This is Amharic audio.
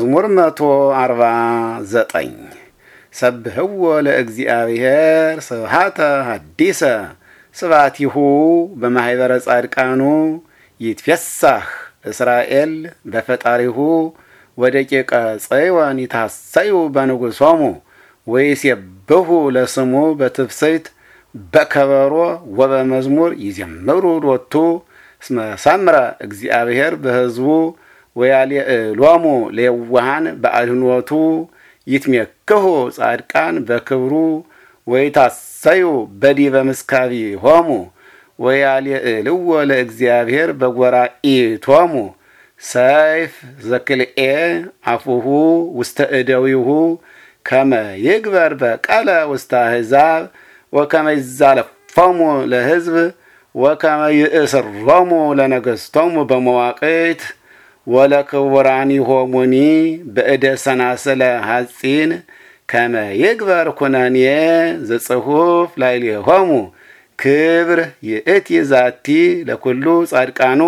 መዝሙር መቶ አርባ ዘጠኝ ሰብህዎ ለእግዚአብሔር ስብሃተ ሀዲሰ ስብዓቲሁ በማኅበረ ጻድቃኑ ይትፌሳህ እስራኤል በፈጣሪሁ ወደቂቀ ጽዮን ይታሰዩ በንጉሶሙ ወይሴብሑ ለስሙ በትብሰይት በከበሮ ወበመዝሙር ይዘምሩ ሎቱ እስመ ሰምረ እግዚአብሔር በሕዝቡ ወያሎሙ ለየዋሃን በአድኅኖቱ ይትሜክሁ ጻድቃን በክብሩ ወይ ታሰዩ በዲ በዲበ ሆሙ ወያልዕልዎ ለእግዚአብሔር በጐራኢቶሙ ሰይፍ ዘክልኤ አፉሁ ውስተ እደዊሁ ከመ ይግበር በቀለ ውስተ አሕዛብ ወከመ ይዛለፎሙ ለሕዝብ ወከመ ይእስሮሙ ለነገሥቶሙ በመዋቅት ወለክቡራኒሆሙኒ በእደ ሰናሰለ ሐጺን ከመ ይግበር ኩነኔ ዘጽሑፍ ላዕሌሆሙ ክብር ይእቲ ዛቲ ለኩሉ ጻድቃኑ